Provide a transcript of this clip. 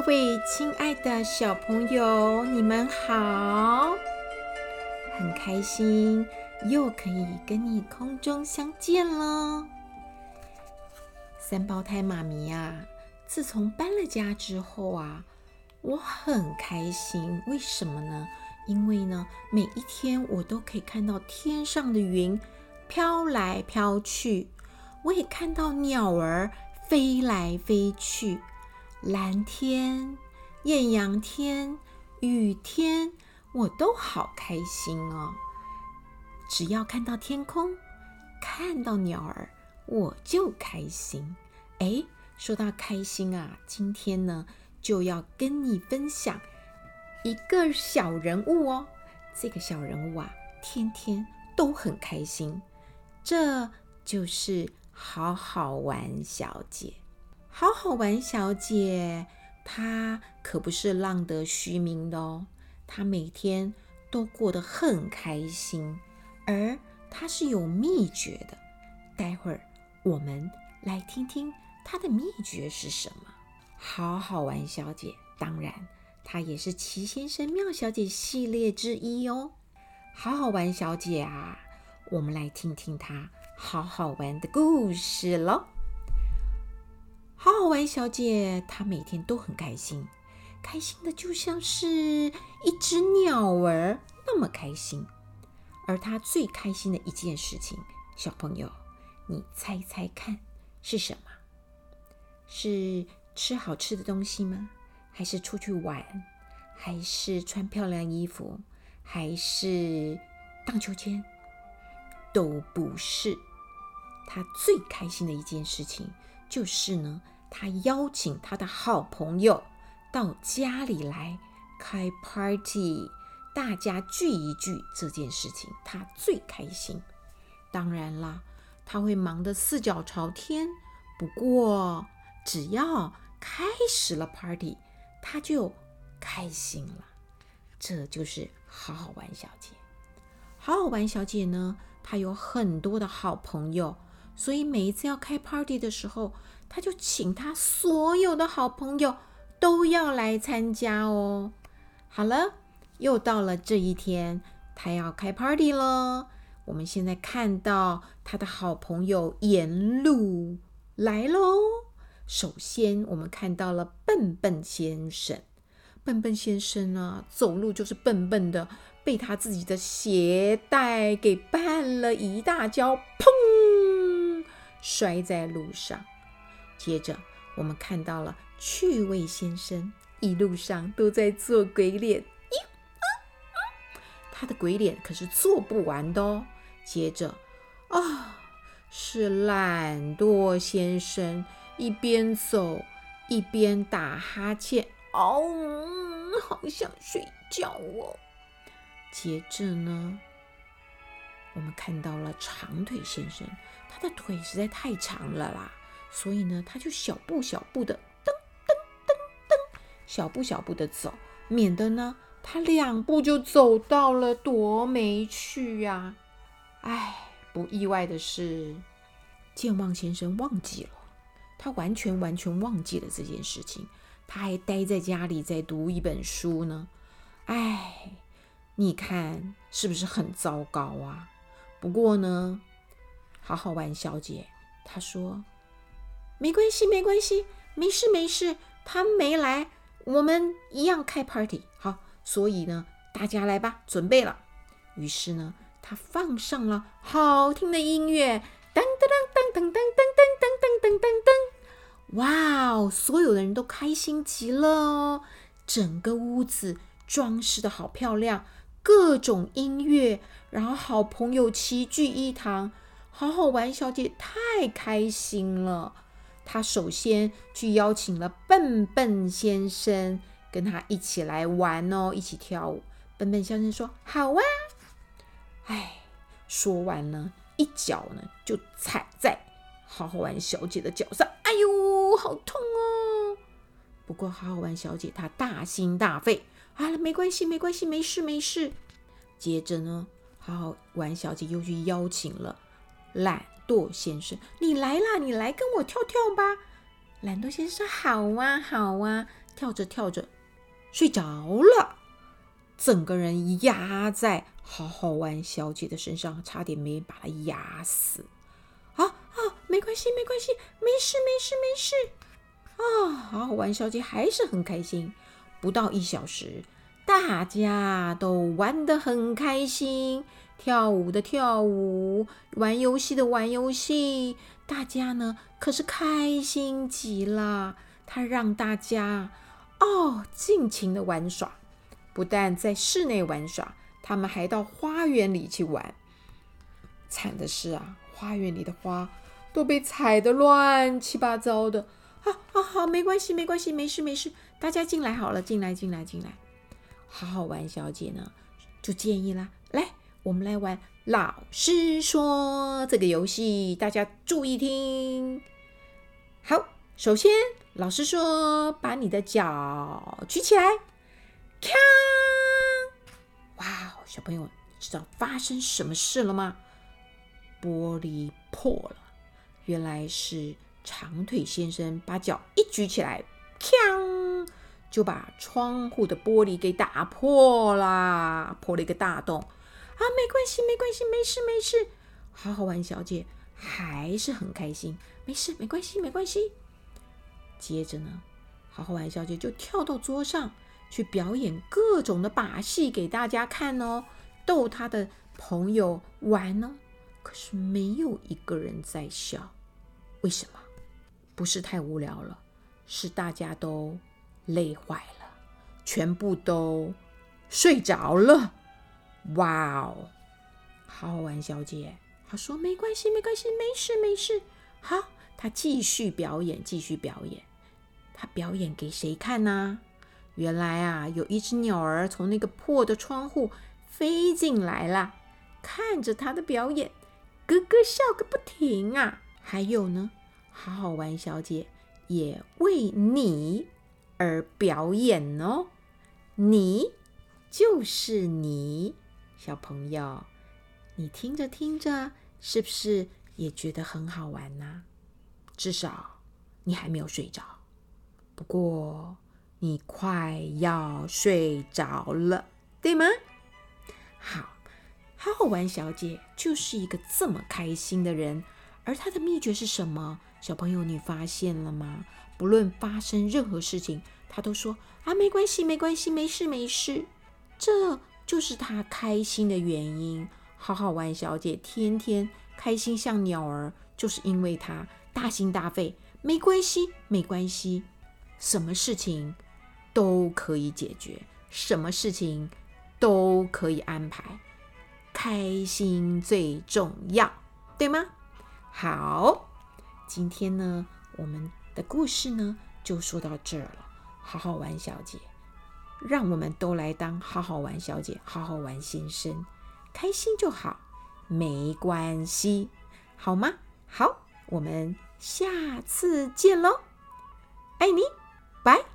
各位親愛的小朋友，你們好！很開心，又可以跟你空中相見了。三胞胎媽咪啊，自從搬了家之後啊，我很開心。為什麼呢？因為呢，每一天我都可以看到天上的雲飄來飄去，我也看到鳥兒飛來飛去。藍天、豔陽天、雨天，我都好開心哦！只要看到天空，看到鳥兒，我就開心。哎，說到開心啊，今天呢，就要跟你分享一個小人物哦。這個小人物啊，天天都很開心，這就是好好玩小姐。好好玩小姐，她可不是浪得虛名的哦。她每天都過得很開心，而她是有秘訣的。待會兒我們來聽聽她的秘訣是什麼？好好玩小姐，當然她也是奇先生妙小姐系列之一哦。好好玩小姐啊，我們來聽聽她好好玩的故事嘍。好好玩小姐，她每天都很開心，開心的就像是一隻鳥兒那麼開心。而她最開心的一件事情，小朋友，你猜猜看是什麼？是吃好吃的東西嗎？還是出去玩？還是穿漂亮衣服？還是盪秋千？都不是。她最開心的一件事情。就是呢，他邀請他的好朋友到家裡來開 party，大家聚一聚這件事情，他最開心。當然啦，他會忙得四腳朝天。不過只要開始了 party，他就開心了。這就是好好玩小姐。好好玩小姐呢，她有很多的好朋友。所以每一次要開 party 的時候，他就請他所有的好朋友都要來參加哦。好了，又到了這一天，他要開 party 了。我們現在看到他的好朋友沿路來嘍。首先，我們看到了笨笨先生。笨笨先生呢、啊，走路就是笨笨的，被他自己的鞋帶給絆了一大跤，砰！摔在路上，接着，我們看到了趣味先生，一路上都在做鬼臉，咦啊啊、他的鬼臉可是做不完的哦。接着啊、哦，是懶惰先生，一邊走一邊打哈欠，嗷、哦，好想睡覺哦。接着呢？我們看到了長腿先生，他的腿實在太長了啦，所以呢，他就小步小步的噔噔噔噔，小步小步的走，免得呢他兩步就走到了，多沒趣呀、啊！哎，不意外的是，健忘先生忘記了，他完全完全忘記了這件事情，他還待在家裡在讀一本書呢。哎，你看是不是很糟糕啊？不過呢，好好玩小姐，她說：“沒關係，沒關係，沒事，沒事，他沒來，我們一樣開 party 好。”所以呢，大家來吧，準備了。於是呢，她放上了好聽的音樂，噔噔噔噔噔噔噔噔噔噔噔，噔，噔，噔，噔，噔，噔，噔，噔。哇哦，所有的人都開心極了哦，整個屋子裝飾的好漂亮。各種音樂，然後好朋友齊聚一堂，好好玩小姐太開心了。她首先去邀請了笨笨先生跟她一起來玩哦，一起跳舞。笨笨先生說：“好啊！”哎，說完呢，一腳呢就踩在好好玩小姐的腳上，哎喲，好痛哦！不過好好玩小姐她大心大肺。啊，沒關係，沒關係，沒事，沒事。接着呢，好好玩小姐又去邀請了懶惰先生：“你來啦，你來跟我跳跳吧。”懶惰先生：“好啊，好啊。”跳着跳着，睡着了，整個人壓在好好玩小姐的身上，差點沒把她壓死。啊啊，沒關係，沒關係，沒事，沒事，沒事。啊，好好玩小姐還是很開心。不到一小時，大家都玩得很開心，跳舞的跳舞，玩遊戲的玩遊戲，大家呢可是開心極了。他讓大家哦盡情的玩耍，不但在室內玩耍，他們還到花園裡去玩。慘的是啊，花園裡的花都被踩得亂七八糟的。啊啊好，好，沒關係，沒關係，沒事，沒事。大家進來好了，進來進來進來，好好玩小姐呢，就建議啦，來，我們來玩老師說這個遊戲，大家注意聽。好，首先老師說，把你的腳舉起來，鏘！哇哦，小朋友，知道發生什麼事了嗎？玻璃破了，原來是長腿先生把腳一舉起來，鏘！就把窗戶的玻璃給打破了，破了一個大洞。啊，沒關係，沒關係，沒事，沒事。好好玩小姐還是很開心，沒事，沒關係，沒關係。接着呢，好好玩小姐就跳到桌上去表演各種的把戲給大家看哦，逗她的朋友玩呢、哦。可是沒有一個人在笑，為什麼？不是太無聊了，是大家都。累壞了，全部都睡着了。哇哦，好好玩小姐，她說沒關係，沒關係，沒事沒事。好，她繼續表演，繼續表演。她表演給誰看呢？原來啊，有一隻鳥兒從那個破的窗戶飛進來了，看着她的表演，咯咯笑個不停啊。還有呢，好好玩小姐也為你。而表演哦，你就是你小朋友，你聽着聽着，是不是也覺得很好玩呢、啊？至少你還沒有睡着，不過你快要睡着了，對嗎？好，好好玩小姐就是一個這麼開心的人，而她的秘訣是什麼？小朋友，你發現了嗎？不論發生任何事情，他都說啊，沒關係，沒關係，沒事，沒事。這就是他開心的原因。好好玩小姐天天開心像鳥兒，就是因為他大心大肺，沒關係，沒關係，什麼事情都可以解決，什麼事情都可以安排，開心最重要，對嗎？好。今天呢，我們的故事呢就說到這兒了。好好玩小姐，讓我們都來當好好玩小姐，好好玩先生，開心就好，沒關係，好嗎？好，我們下次見嘍，愛你，拜。